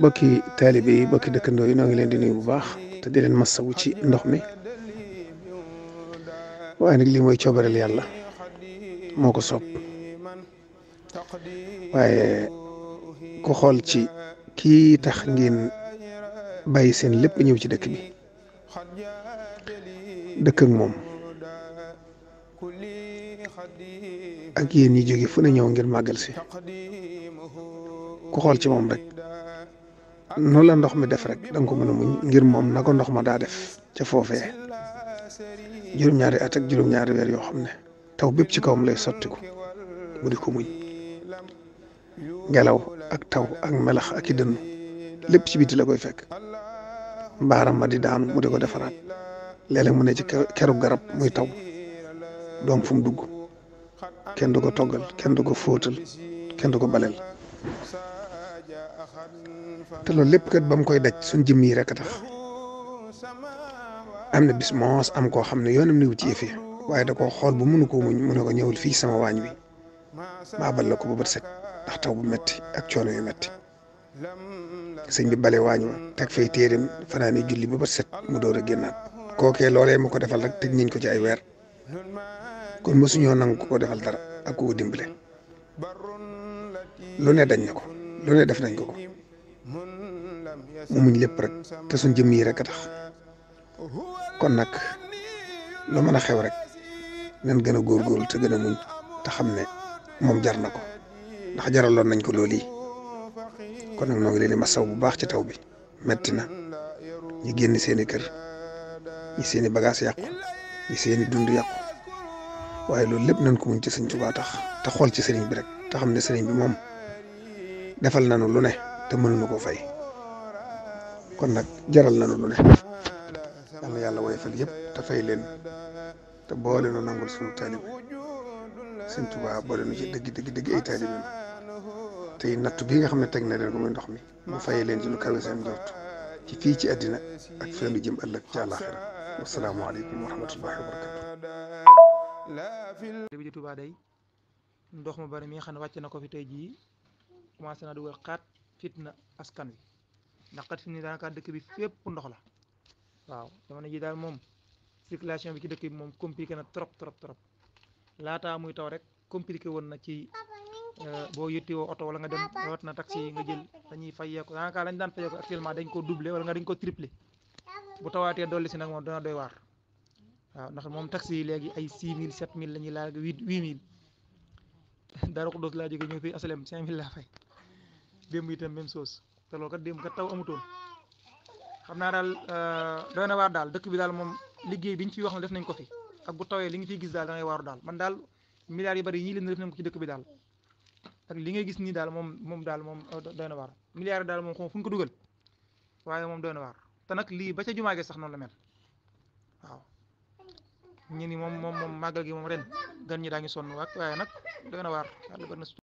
bokki taalibe yi bokki dëkkandoo yi noo ngi leen di nuyu bu baax te di leen masawu ci ndox mi waaye nag lii mooy coobareel yàlla moo ko soob waaye ku xool ci kii tax ngeen bay seen lépp ñëw ci dëkk bi dëkk ak moom ak yéen ñi jóge fu ñëw ngir màggal si ku xool ci moom rek nu la ndox mi def rek da nga ko mën a muñ ngir moom na ko ndox ma daa def ca foofee juróom-ñaari at ak ñaari weer yoo xam ne taw bépp ci kawam lay sottiku mu di ko muñ ngelaw ak taw ak melax ak i dënnu lépp ci biti la koy fekk mbaaram ma di daanu mu di ko defaraat léeg mu ne ci keru garab muy taw doom fu mu dugg kenn du ko toggal kenn du ko fóotal kenn du ko baleel te loolu lépp kat ba mu koy daj suñ jëm yi rek a tax am na bis moos am koo xam ne yoonam niwu ci yëf waaye da koo xool bu mënu ko muñ mu ne ko ñëwul fii sama waañ wi maa bal la ko ba bët set ndax taw bu metti ak coono yu metti sëñ bi bale waañ teg fay téeréem fanaane julli ba bët set mu door a génnaat kookee loolee mu ko defal rek teg nañ ko ci ay weer kon mësuñoo nangu ko ko defal dara ak ku ko dimbale lu ne dañ na ko lu ne def nañ ko ko mu muñ lépp rek te suñ jëm yi rek a tax kon nag lu mën a xew rek nan gën a góor góorgóorlu te gën a muñ te xam ne moom jar na ko ndax jaral jaraloon nañ ko loolu yi kon nag noo ngi leen di masaw bu baax ci taw bi metti na ñi génn seeni kër ñi seeni bagage yàqu ñi seeni dund yàqu waaye loolu lépp nañ ko muñ ci sëñ Tuubaa tax te xool ci sëriñ bi rek te xam ne sëriñ bi moom defal nañu lu ne te mënuñu ko fay kon nag jaral na lu ne yal na yàlla woyofal yëpp te fay leen te boole nu nangul suñu taalib Sëñ Tuubaa boole nu ci dëgg dëgg dëgg ay taalib tey natt bii nga xam ne teg na leen ko muy ndox mi mu fayee leen ci lu kawe seen njort ci fii ci àddina ak fee jëm ëllëg ci àllaaxira wasalaamaaleykum wa wa barakaatu. ndox mu bari mi nga xam ne wàcc na ko fi jii commencé na dugal xaat fitna askan wi. ndax kat fi mu ne daanaka dëkk bi fépp ndox la waaw jamono ji daal moom circulation bi ci dëkk bi moom compliqué na trop trop trop laataa muy taw rek compliqué woon na ci euh, boo yittiwoo oto wala nga dem rawat na taxi yi nga jël dañuy fayee ko daanaka lañ daan fayee ko actuellement dañ ko doublé wala nga dañ ko triplé bu tawaatee dolli si nag moom dana doy waar waaw ndax moom taxi yi léegi ay 6 mille 7 mille la ñuy laal 8 8 000 dara ko doos laa jógee ñëw fii asalem cinq 000 laa fay démb itam même chose. te loolu kat démb kat taw amutoon xam naa daal euh, doy na waar daal dëkk bi daal moom liggéey bi ñu ciy wax ne def nañ ko fi ak bu tawee li nga ciy gis daal da ngay daal man daal milliards yu bari yii leen def nañ ci dëkk bi daal ak li ngay gis nii daal moom moom daal moom euh, doy na waar milliards daal moom fu ñu ko dugal waaye moom doy na waar te nag lii ba ca jumaa gi sax noonu la mel waaw ñu ni moom moom moom màggal gi moom ren gan ñi daa ngi sonn waak waaye nag doy na waar